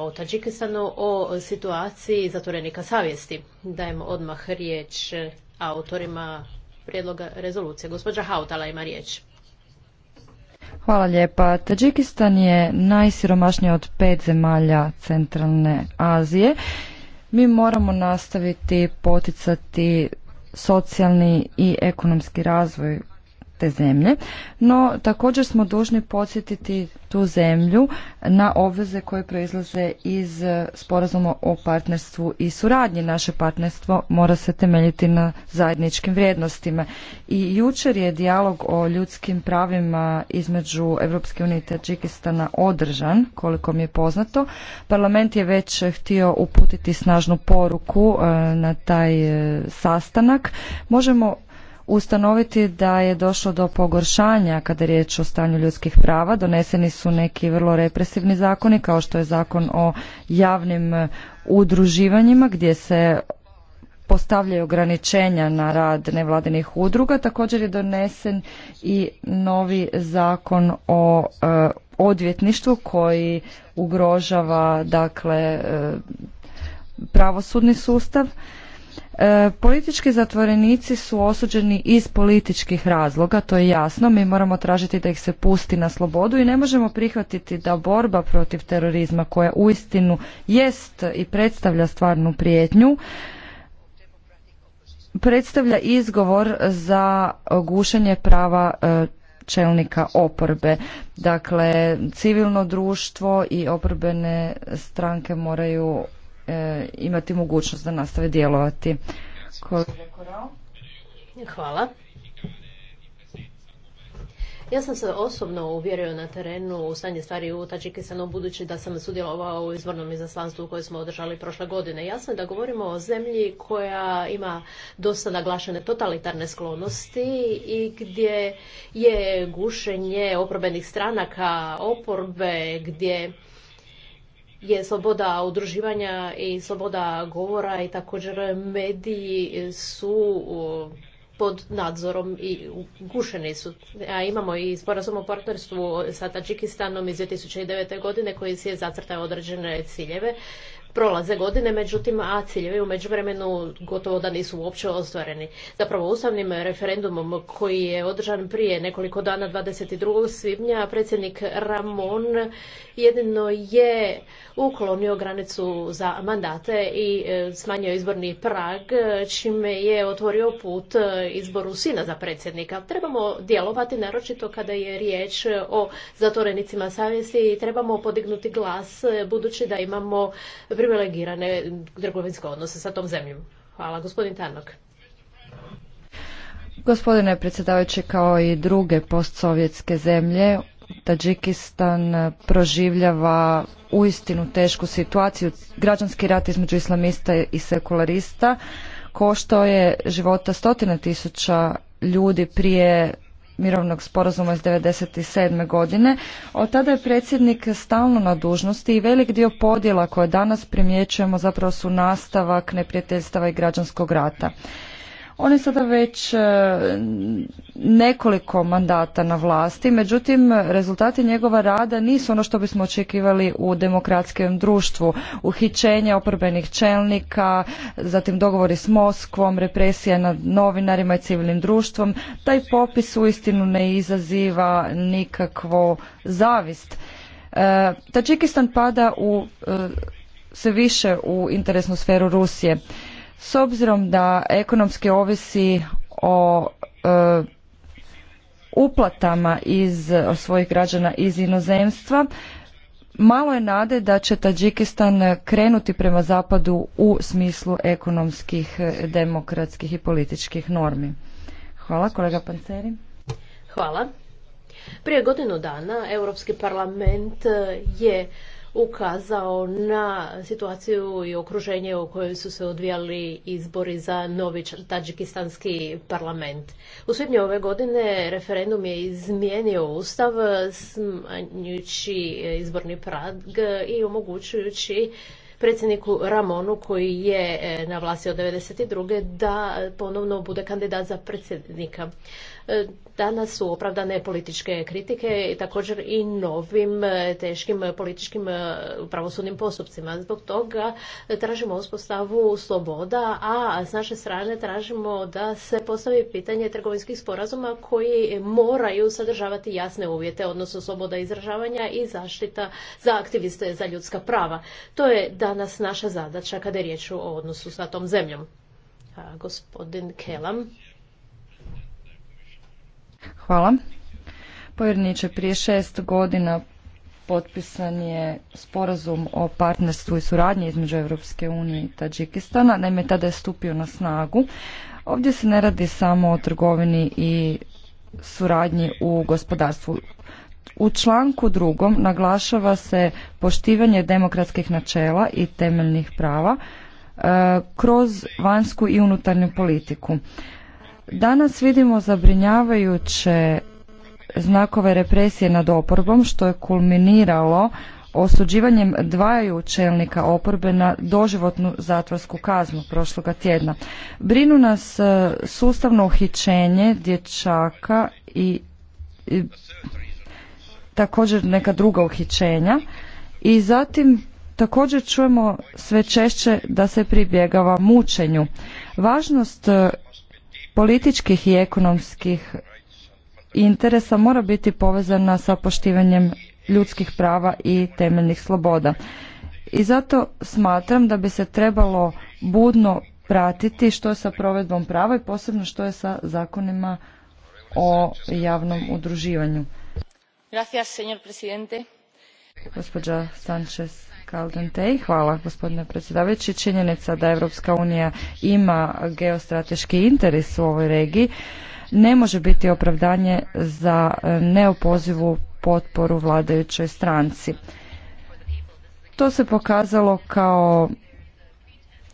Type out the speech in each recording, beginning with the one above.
o Tadžikistanu, o situaciji zatvorenika savjesti. Dajemo odmah riječ autorima prijedloga rezolucije. Gospođa Hautala ima riječ. Hvala lijepa. Tadžikistan je najsiromašniji od pet zemalja Centralne Azije. Mi moramo nastaviti poticati socijalni i ekonomski razvoj te zemlje, no također smo dužni podsjetiti tu zemlju na obveze koje proizlaze iz e, sporazuma o partnerstvu i suradnji. Naše partnerstvo mora se temeljiti na zajedničkim vrijednostima. I jučer je dijalog o ljudskim pravima između Europske unije i Tadžikistana održan, koliko mi je poznato. Parlament je već htio uputiti snažnu poruku e, na taj e, sastanak. Možemo ustanoviti da je došlo do pogoršanja kada je riječ o stanju ljudskih prava. Doneseni su neki vrlo represivni zakoni kao što je zakon o javnim e, udruživanjima gdje se postavljaju ograničenja na rad nevladinih udruga. Također je donesen i novi zakon o e, odvjetništvu koji ugrožava dakle e, pravosudni sustav. E, politički zatvorenici su osuđeni iz političkih razloga, to je jasno, mi moramo tražiti da ih se pusti na slobodu i ne možemo prihvatiti da borba protiv terorizma koja uistinu jest i predstavlja stvarnu prijetnju, predstavlja izgovor za gušenje prava e, čelnika oporbe. Dakle, civilno društvo i oporbene stranke moraju E, imati mogućnost da nastave djelovati. Hvala. Ja sam se osobno uvjerio na terenu u stanje stvari u Tadžikistanu budući da sam sudjelovao u izvornom izaslanstvu koje smo održali prošle godine. Jasno je da govorimo o zemlji koja ima dosta naglašene totalitarne sklonosti i gdje je gušenje oporbenih stranaka, oporbe, gdje je sloboda udruživanja i sloboda govora i također mediji su pod nadzorom i ugušeni su. A imamo i sporazum o partnerstvu sa Tadžikistanom iz 2009. godine koji si je zacrtao određene ciljeve prolaze godine, međutim, a ciljevi u međuvremenu gotovo da nisu uopće ostvareni. Zapravo, ustavnim referendumom koji je održan prije nekoliko dana, 22. svibnja, predsjednik Ramon jedino je uklonio granicu za mandate i e, smanjio izborni prag, čime je otvorio put e, izboru sina za predsjednika. Trebamo djelovati, naročito kada je riječ o zatvorenicima savjesti i trebamo podignuti glas, budući da imamo privilegirane trgovinske odnose sa tom zemljom. Hvala, gospodin Tarnok. Gospodine predsjedavajući, kao i druge postsovjetske zemlje, Tadžikistan proživljava uistinu tešku situaciju. Građanski rat između islamista i sekularista koštao je života stotina tisuća ljudi prije mirovnog sporazuma iz 1997. godine. Od tada je predsjednik stalno na dužnosti i velik dio podjela koje danas primjećujemo zapravo su nastavak neprijateljstava i građanskog rata. On je sada već e, nekoliko mandata na vlasti, međutim rezultati njegova rada nisu ono što bismo očekivali u demokratskom društvu. Uhićenje oporbenih čelnika, zatim dogovori s Moskvom, represija nad novinarima i civilnim društvom, taj popis uistinu ne izaziva nikakvo zavist. E, Tačikistan pada u, e, sve više u interesnu sferu Rusije. S obzirom da ekonomski ovisi o e, uplatama iz svojih građana iz inozemstva, malo je nade da će Tadžikistan krenuti prema zapadu u smislu ekonomskih, e, demokratskih i političkih normi. Hvala, kolega Panceri. Hvala. Prije godinu dana Europski parlament e, je ukazao na situaciju i okruženje u kojoj su se odvijali izbori za novi tadžikistanski parlament. U svibnju ove godine referendum je izmijenio ustav smanjujući izborni prag i omogućujući predsjedniku Ramonu koji je eh, na vlasti od 1992. da ponovno bude kandidat za predsjednika. E, danas su opravdane političke kritike i također i novim e, teškim političkim e, pravosudnim postupcima. Zbog toga tražimo uspostavu sloboda, a s naše strane tražimo da se postavi pitanje trgovinskih sporazuma koji moraju sadržavati jasne uvjete, odnosno sloboda izražavanja i zaštita za aktiviste za ljudska prava. To je danas naša zadaća kada je riječ o odnosu sa tom zemljom. Gospodin Kelam. Hvala. Povjerniče, prije šest godina potpisan je sporazum o partnerstvu i suradnji između Europske unije i Tadžikistana. Naime, tada je stupio na snagu. Ovdje se ne radi samo o trgovini i suradnji u gospodarstvu. U članku drugom naglašava se poštivanje demokratskih načela i temeljnih prava e, kroz vanjsku i unutarnju politiku. Danas vidimo zabrinjavajuće znakove represije nad oporbom što je kulminiralo osuđivanjem dvaju čelnika oporbe na doživotnu zatvorsku kaznu prošloga tjedna. Brinu nas e, sustavno uhićenje dječaka i, i također neka druga uhićenja i zatim također čujemo sve češće da se pribjegava mučenju. Važnost e, političkih i ekonomskih interesa mora biti povezana sa poštivanjem ljudskih prava i temeljnih sloboda. I zato smatram da bi se trebalo budno pratiti što je sa provedbom prava i posebno što je sa zakonima o javnom udruživanju. Gracias, señor presidente. Gospođa Sanchez Hvala gospodine predsjedavajući. Činjenica da Europska unija ima geostrateški interes u ovoj regiji ne može biti opravdanje za e, neopozivu potporu vladajućoj stranci. To se pokazalo kao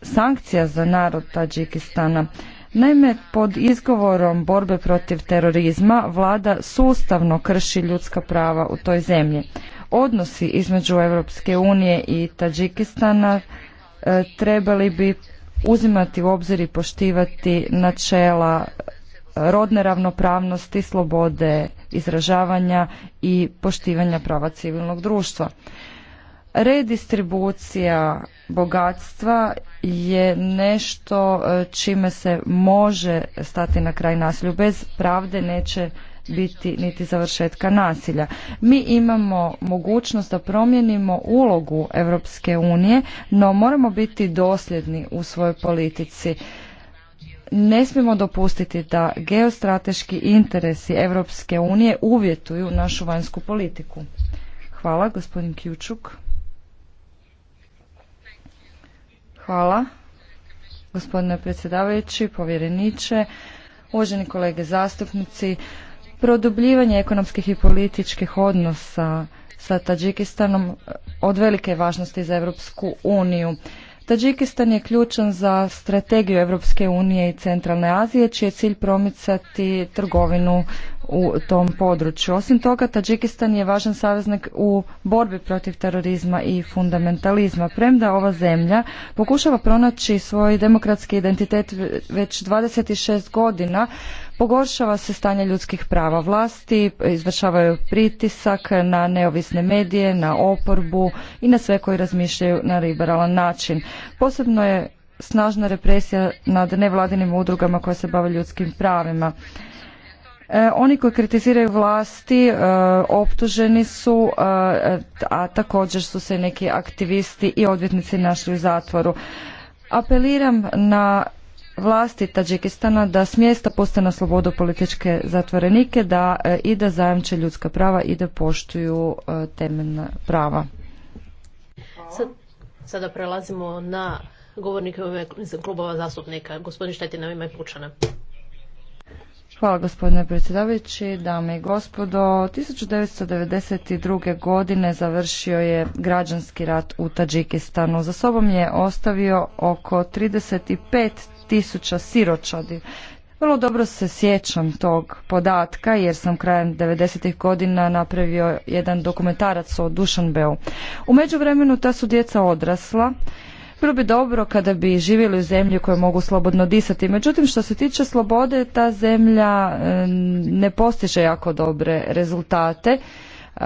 sankcija za narod Tadžikistana. Naime, pod izgovorom borbe protiv terorizma vlada sustavno krši ljudska prava u toj zemlji odnosi između Europske unije i Tadžikistana e, trebali bi uzimati u obzir i poštivati načela e, rodne ravnopravnosti, slobode izražavanja i poštivanja prava civilnog društva. Redistribucija bogatstva je nešto e, čime se može stati na kraj nasilju. Bez pravde neće biti niti završetka nasilja. Mi imamo mogućnost da promijenimo ulogu Europske unije, no moramo biti dosljedni u svojoj politici. Ne smijemo dopustiti da geostrateški interesi Europske unije uvjetuju našu vanjsku politiku. Hvala, gospodin Kjučuk. Hvala, gospodine predsjedavajući, povjereniče, uvaženi kolege zastupnici produbljivanje ekonomskih i političkih odnosa sa Tadžikistanom od velike važnosti za Europsku uniju. Tadžikistan je ključan za strategiju Europske unije i Centralne Azije, čiji je cilj promicati trgovinu u tom području. Osim toga, Tadžikistan je važan saveznik u borbi protiv terorizma i fundamentalizma. Premda ova zemlja pokušava pronaći svoj demokratski identitet već 26 godina, Pogoršava se stanje ljudskih prava vlasti, izvršavaju pritisak na neovisne medije, na oporbu i na sve koji razmišljaju na liberalan način. Posebno je snažna represija nad nevladinim udrugama koje se bave ljudskim pravima. E, oni koji kritiziraju vlasti e, optuženi su, e, a također su se neki aktivisti i odvjetnici našli u zatvoru. Apeliram na vlasti Tadžikistana da smjesta puste na slobodu političke zatvorenike da e, i da zajamče ljudska prava i da poštuju e, temeljna prava. sada prelazimo na govornike ove klubova zastupnika. Gospodin Štetina ime Pučana. Hvala gospodine predsjedavajući, dame i gospodo. 1992. godine završio je građanski rat u Tadžikistanu. Za sobom je ostavio oko 35 tisuća siročadi. Vrlo dobro se sjećam tog podatka jer sam krajem 90. godina napravio jedan dokumentarac o Dušanbeu. U međuvremenu ta su djeca odrasla. Bilo bi dobro kada bi živjeli u zemlji koje mogu slobodno disati. Međutim, što se tiče slobode, ta zemlja e, ne postiže jako dobre rezultate. E,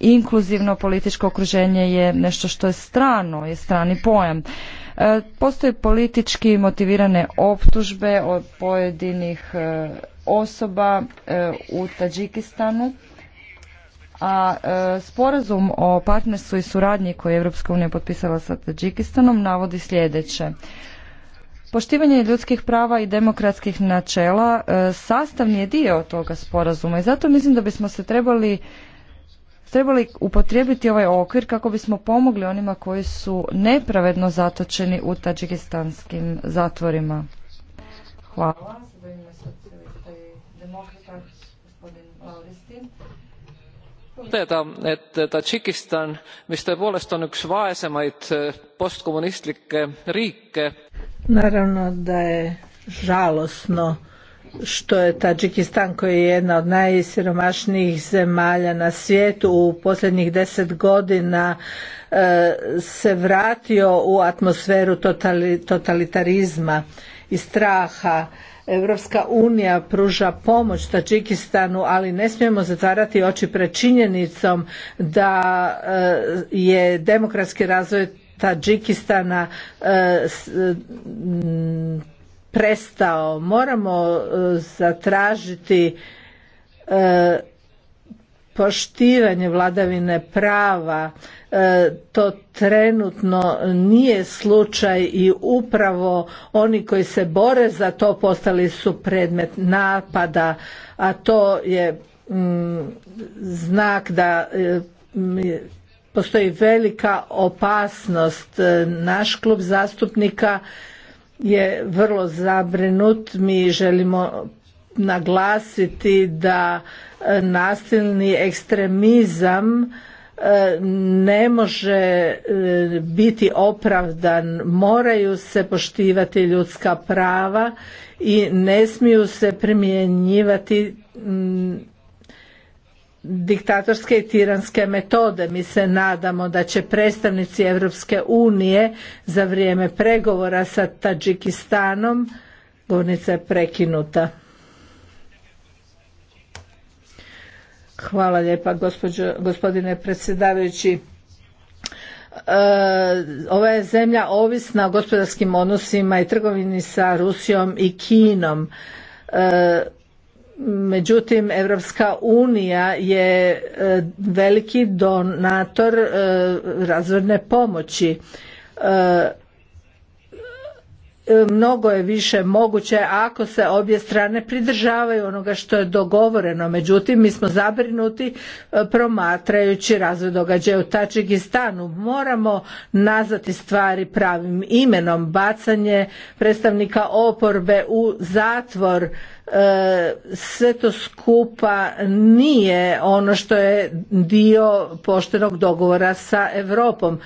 inkluzivno političko okruženje je nešto što je strano, je strani pojam. E, postoje politički motivirane optužbe od pojedinih e, osoba e, u Tadžikistanu, a sporazum o partnerstvu i suradnji koji je Europska unija potpisala sa Tadžikistanom navodi sljedeće. Poštivanje ljudskih prava i demokratskih načela sastavni je dio toga sporazuma i zato mislim da bismo se trebali trebali upotrijebiti ovaj okvir kako bismo pomogli onima koji su nepravedno zatočeni u tadžikistanskim zatvorima. Hvala. tõdeda et tadžikistan mis tõepoolest on üks rike postkommunistlikke naravno da je žalosno što je Tadžikistan koji je jedna od najsiromašnijih zemalja na svijetu u posljednjih deset godina e, se vratio u atmosferu totalitarizma i straha. Europska unija pruža pomoć Tadžikistanu, ali ne smijemo zatvarati oči pred činjenicom da e, je demokratski razvoj Tadžikistana e, prestao. Moramo e, zatražiti e, poštivanje vladavine prava. E, to trenutno nije slučaj i upravo oni koji se bore za to postali su predmet napada, a to je mm, znak da mm, postoji velika opasnost. Naš klub zastupnika je vrlo zabrinut. Mi želimo naglasiti da e, nasilni ekstremizam e, ne može e, biti opravdan, moraju se poštivati ljudska prava i ne smiju se primjenjivati diktatorske i tiranske metode. Mi se nadamo da će predstavnici Europske unije za vrijeme pregovora sa Tadžikistanom govornica je prekinuta. Hvala lijepa gospodine predsjedavajući. E, ova je zemlja ovisna o gospodarskim odnosima i trgovini sa Rusijom i Kinom. E, Međutim, Europska unija je e, veliki donator e, razvojne pomoći e, E, mnogo je više moguće ako se obje strane pridržavaju onoga što je dogovoreno. Međutim, mi smo zabrinuti e, promatrajući razvoj događaja u Tačikistanu. Moramo nazvati stvari pravim imenom. Bacanje predstavnika oporbe u zatvor e, sve to skupa nije ono što je dio poštenog dogovora sa Europom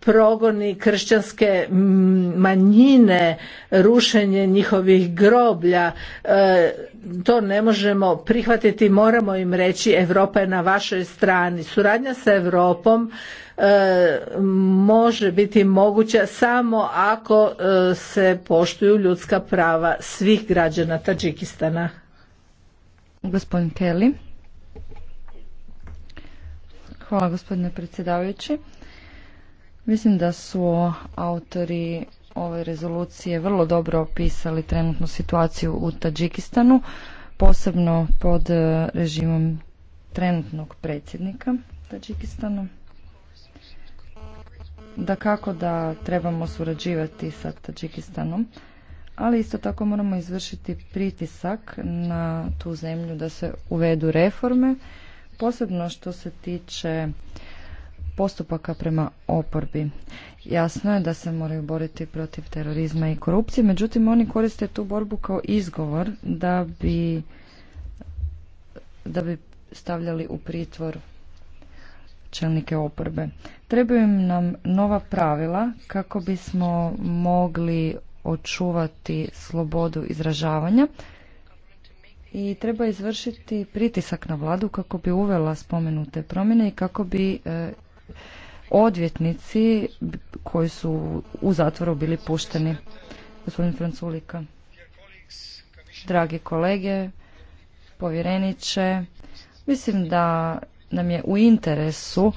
progoni kršćanske manjine, rušenje njihovih groblja, e, to ne možemo prihvatiti, moramo im reći Europa je na vašoj strani. Suradnja sa Europom e, može biti moguća samo ako e, se poštuju ljudska prava svih građana Tadžikistana. Gospodin Kelly. Hvala gospodine predsjedavajući. Mislim da su autori ove rezolucije vrlo dobro opisali trenutnu situaciju u Tadžikistanu, posebno pod e, režimom trenutnog predsjednika Tadžikistana. Da kako da trebamo surađivati sa Tadžikistanom, ali isto tako moramo izvršiti pritisak na tu zemlju da se uvedu reforme, posebno što se tiče postupaka prema oporbi. Jasno je da se moraju boriti protiv terorizma i korupcije, međutim oni koriste tu borbu kao izgovor da bi da bi stavljali u pritvor čelnike oporbe. Trebaju nam nova pravila kako bismo mogli očuvati slobodu izražavanja i treba izvršiti pritisak na vladu kako bi uvela spomenute promjene i kako bi e, odvjetnici koji su u zatvoru bili pušteni. Gospodin Franculika, dragi kolege, povjereniče, mislim da nam je u interesu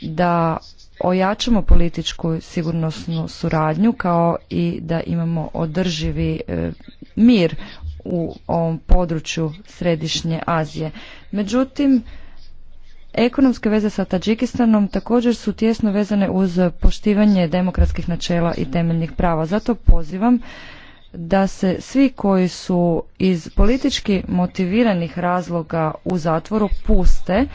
da ojačamo političku sigurnosnu suradnju kao i da imamo održivi e, mir u ovom području Središnje Azije. Međutim, Ekonomske veze sa Tadžikistanom također su tjesno vezane uz poštivanje demokratskih načela i temeljnih prava. Zato pozivam da se svi koji su iz politički motiviranih razloga u zatvoru puste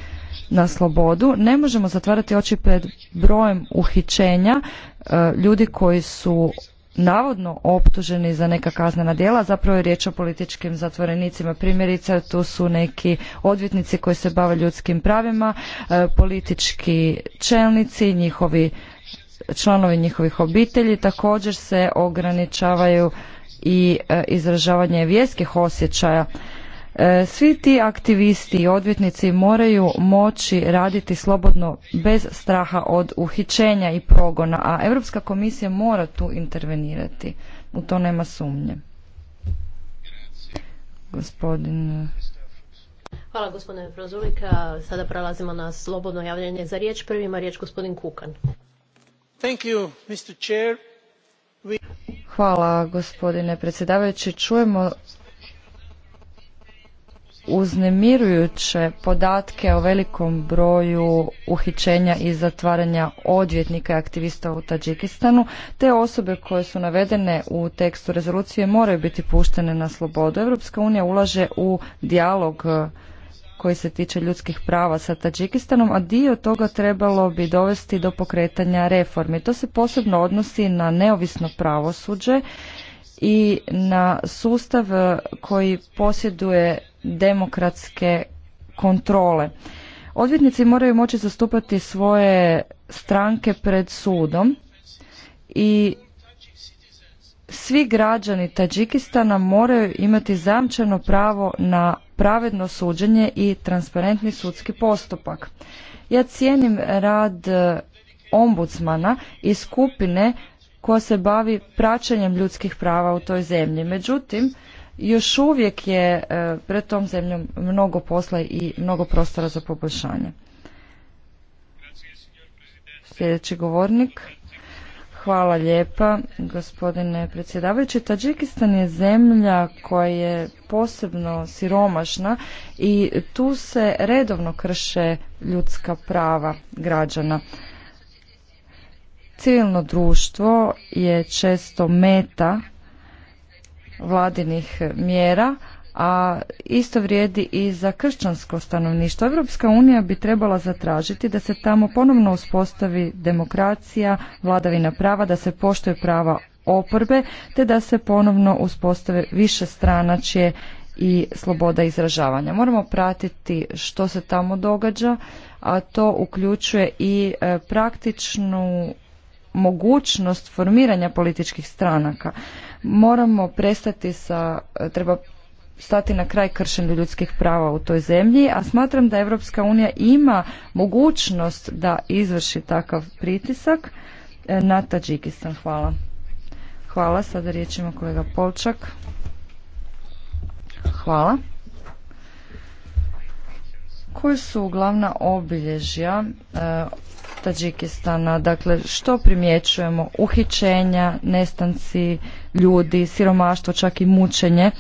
na slobodu. Ne možemo zatvarati oči pred brojem uhićenja e, ljudi koji su navodno optuženi za neka kaznena djela, zapravo je riječ o političkim zatvorenicima. Primjerice, tu su neki odvjetnici koji se bave ljudskim pravima, e, politički čelnici, njihovi članovi njihovih obitelji, također se ograničavaju i e, izražavanje vjerskih osjećaja E, svi ti aktivisti i odvjetnici moraju moći raditi slobodno bez straha od uhićenja i progona, a Europska komisija mora tu intervenirati. U to nema sumnje. Gospodin Hvala gospodine Prozulika. Sada prelazimo na slobodno javljanje za riječ. Prvi ima riječ gospodin Kukan. Thank you, Mr. Chair. Hvala gospodine predsjedavajući. Čujemo uznemirujuće podatke o velikom broju uhićenja i zatvaranja odvjetnika i aktivista u Tadžikistanu. Te osobe koje su navedene u tekstu rezolucije moraju biti puštene na slobodu. Europska unija ulaže u dijalog koji se tiče ljudskih prava sa Tadžikistanom, a dio toga trebalo bi dovesti do pokretanja reformi. To se posebno odnosi na neovisno pravosuđe i na sustav koji posjeduje demokratske kontrole. Odvjetnici moraju moći zastupati svoje stranke pred sudom i svi građani Tadžikistana moraju imati zamčeno pravo na pravedno suđenje i transparentni sudski postupak. Ja cijenim rad e, ombudsmana i skupine koja se bavi praćenjem ljudskih prava u toj zemlji. Međutim, još uvijek je e, pred tom zemljom mnogo posla i mnogo prostora za poboljšanje. Sljedeći govornik. Hvala lijepa, gospodine predsjedavajući. Tadžikistan je zemlja koja je posebno siromašna i tu se redovno krše ljudska prava građana. Civilno društvo je često meta vladinih mjera, a isto vrijedi i za kršćansko stanovništvo. Europska unija bi trebala zatražiti da se tamo ponovno uspostavi demokracija, vladavina prava, da se poštuje prava oporbe, te da se ponovno uspostave više stranačje i sloboda izražavanja. Moramo pratiti što se tamo događa, a to uključuje i e, praktičnu mogućnost formiranja političkih stranaka moramo prestati sa, e, treba stati na kraj kršenju ljudskih prava u toj zemlji, a smatram da Europska unija ima mogućnost da izvrši takav pritisak e, na Tadžikistan. Hvala. Hvala, sada riječ ima kolega Polčak. Hvala. Koji su glavna obilježja e, Tadžikistana? Dakle, što primjećujemo? Uhićenja, nestanci ljudi, siromaštvo, čak i mučenje.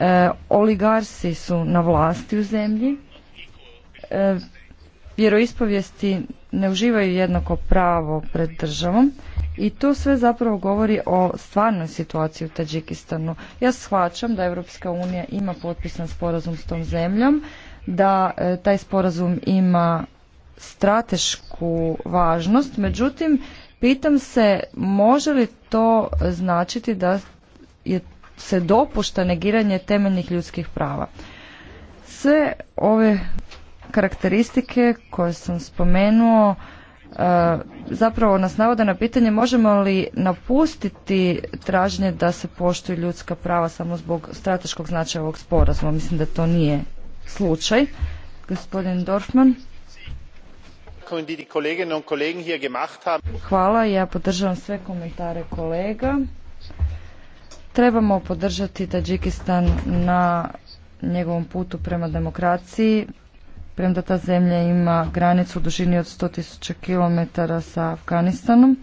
E, oligarsi su na vlasti u zemlji. E, vjeroispovijesti ne uživaju jednako pravo pred državom i to sve zapravo govori o stvarnoj situaciji u Tadžikistanu. Ja shvaćam da Europska unija ima potpisan sporazum s tom zemljom da e, taj sporazum ima stratešku važnost, međutim, pitam se može li to značiti da je, se dopušta negiranje temeljnih ljudskih prava. Sve ove karakteristike koje sam spomenuo e, zapravo nas navode na pitanje možemo li napustiti traženje da se poštuju ljudska prava samo zbog strateškog značaja ovog sporazuma. Mislim da to nije slučaj. Gospodin Dorfman. Hvala, ja podržavam sve komentare kolega. Trebamo podržati Tadžikistan na njegovom putu prema demokraciji, premda ta zemlja ima granicu u dužini od 100.000 km sa Afganistanom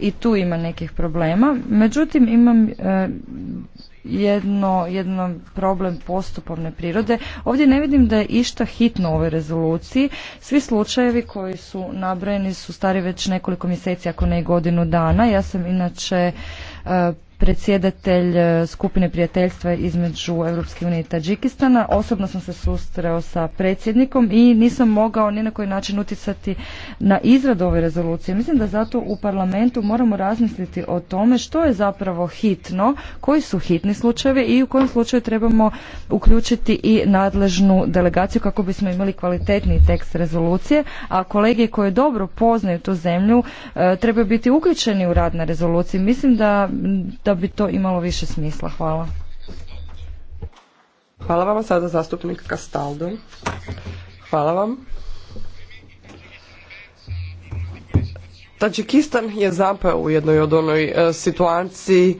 i tu ima nekih problema. Međutim, imam e, jedno, jedan problem postupovne prirode. Ovdje ne vidim da je išta hitno u ovoj rezoluciji. Svi slučajevi koji su nabrojeni su stari već nekoliko mjeseci, ako ne i godinu dana. Ja sam inače e, predsjedatelj e, skupine prijateljstva između Europske unije i Tadžikistana. Osobno sam se sustreo sa predsjednikom i nisam mogao ni na koji način utjecati na izradu ove rezolucije. Mislim da zato u parlamentu moramo razmisliti o tome što je zapravo hitno, koji su hitni slučajevi i u kojem slučaju trebamo uključiti i nadležnu delegaciju kako bismo imali kvalitetni tekst rezolucije, a kolege koje dobro poznaju tu zemlju e, trebaju biti uključeni u rad na rezoluciji. Mislim da da bi to imalo više smisla. Hvala. Hvala vam sada zastupnik Kastaldo. Hvala vam. Tadžikistan je zapeo u jednoj od onoj e, situaciji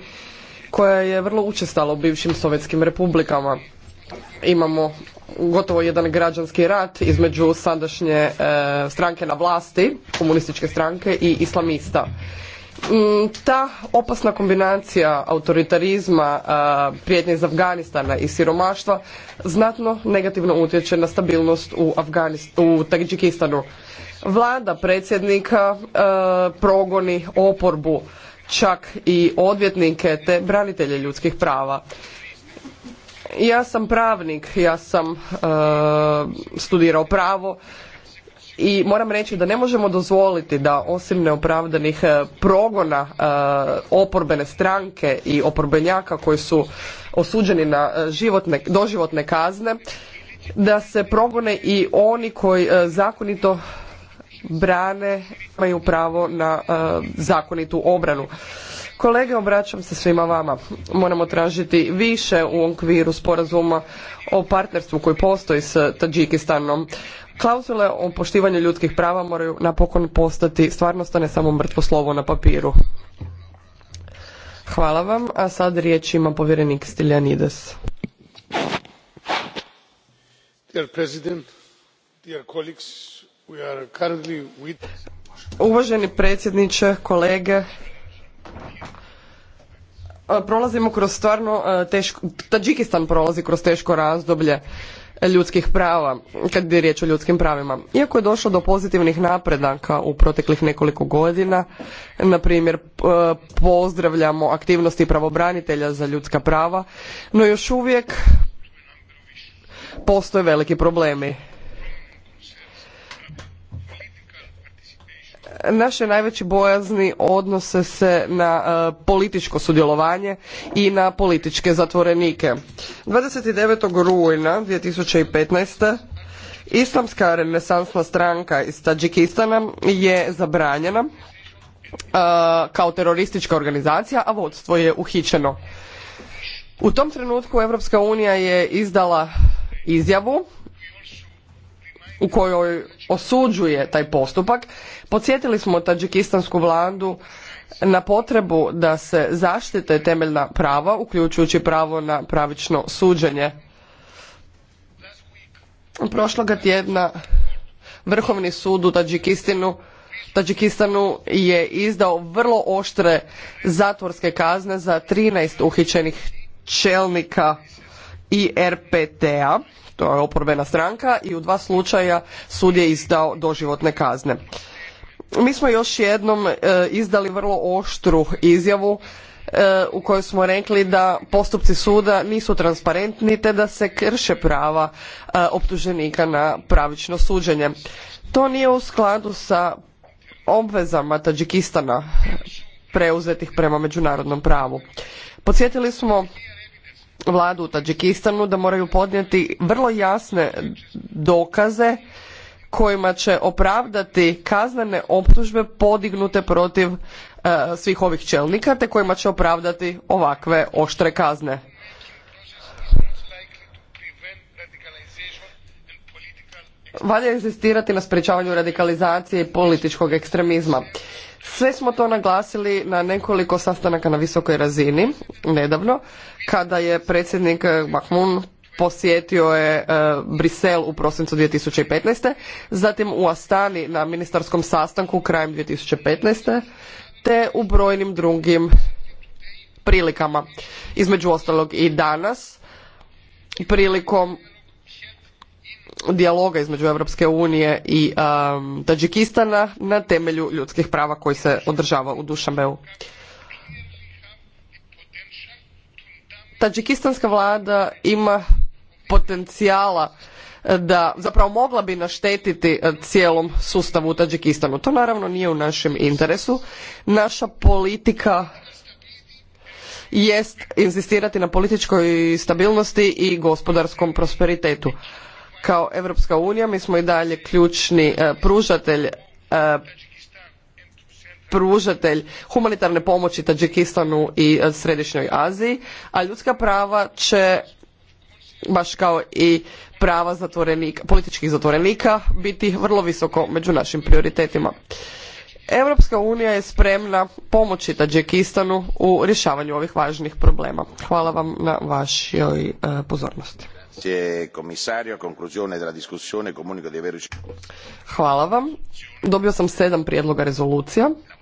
koja je vrlo učestala u bivšim sovjetskim republikama. Imamo gotovo jedan građanski rat između sadašnje e, stranke na vlasti, komunističke stranke i islamista. Mm, ta opasna kombinacija autoritarizma, prijetnje iz Afganistana i siromaštva znatno negativno utječe na stabilnost u, u Tadžikistanu. Vlada predsjednika progoni oporbu, čak i odvjetnike te branitelje ljudskih prava. Ja sam pravnik, ja sam studirao pravo i moram reći da ne možemo dozvoliti da osim neopravdanih e, progona e, oporbene stranke i oporbenjaka koji su osuđeni na e, doživotne kazne da se progone i oni koji zakonito brane imaju pravo na zakonitu obranu. Kolege, obraćam se svima vama. Moramo tražiti više u okviru sporazuma o partnerstvu koji postoji s Tadžikistanom. Klauzule o poštivanju ljudskih prava moraju napokon postati stvarnost, a ne samo mrtvo slovo na papiru. Hvala vam, a sad riječ ima povjerenik Stiljanides. Dear Uvaženi predsjedniče, kolege, prolazimo kroz stvarno e, Tadžikistan prolazi kroz teško razdoblje ljudskih prava, kad je riječ o ljudskim pravima. Iako je došlo do pozitivnih napredaka u proteklih nekoliko godina, na primjer e, pozdravljamo aktivnosti pravobranitelja za ljudska prava, no još uvijek postoje veliki problemi. naše najveće bojazni odnose se na e, političko sudjelovanje i na političke zatvorenike. 29. rujna 2015. Islamska renesansna stranka iz Tadžikistana je zabranjena e, kao teroristička organizacija, a vodstvo je uhićeno. U tom trenutku Europska unija je izdala izjavu u kojoj osuđuje taj postupak. Podsjetili smo tađikistansku vladu na potrebu da se zaštite temeljna prava, uključujući pravo na pravično suđenje. Prošloga tjedna Vrhovni sud u Tadžikistinu Tadžikistanu je izdao vrlo oštre zatvorske kazne za 13 uhićenih čelnika IRPT-a to je oporbena stranka i u dva slučaja sud je izdao doživotne kazne. Mi smo još jednom e, izdali vrlo oštru izjavu e, u kojoj smo rekli da postupci suda nisu transparentni te da se krše prava e, optuženika na pravično suđenje. To nije u skladu sa obvezama Tadžikistana preuzetih prema međunarodnom pravu. Podsjetili smo vladu u Tadžikistanu da moraju podnijeti vrlo jasne dokaze kojima će opravdati kaznene optužbe podignute protiv e, svih ovih čelnika te kojima će opravdati ovakve oštre kazne. Valja inzistirati na sprečavanju radikalizacije i političkog ekstremizma. Sve smo to naglasili na nekoliko sastanaka na visokoj razini nedavno kada je predsjednik eh, Mahmun posjetio je eh, Brisel u prosincu 2015. Zatim u Astani na ministarskom sastanku krajem 2015. te u brojnim drugim prilikama. Između ostalog i danas prilikom dijaloga između Europske unije i um, Tadžikistana na temelju ljudskih prava koji se održava u dušanbeu. Tadžikistanska vlada ima potencijala e, da zapravo mogla bi naštetiti e, cijelom sustavu u Tadžikistanu. To naravno nije u našem interesu. Naša politika jest inzistirati na političkoj stabilnosti i gospodarskom prosperitetu. Kao Europska unija mi smo i dalje ključni e, pružatelj e, pružatelj humanitarne pomoći Tadžikistanu i e, Središnjoj Aziji, a ljudska prava će baš kao i prava zatvorenika, političkih zatvorenika biti vrlo visoko među našim prioritetima. Europska unija je spremna pomoći Tadžikistanu u rješavanju ovih važnih problema. Hvala vam na vašoj pozornosti gospodine komisario a conclusione della discussione comunico di aver ricevuto. hvala vam dobio sam sedam prijedloga rezolucija.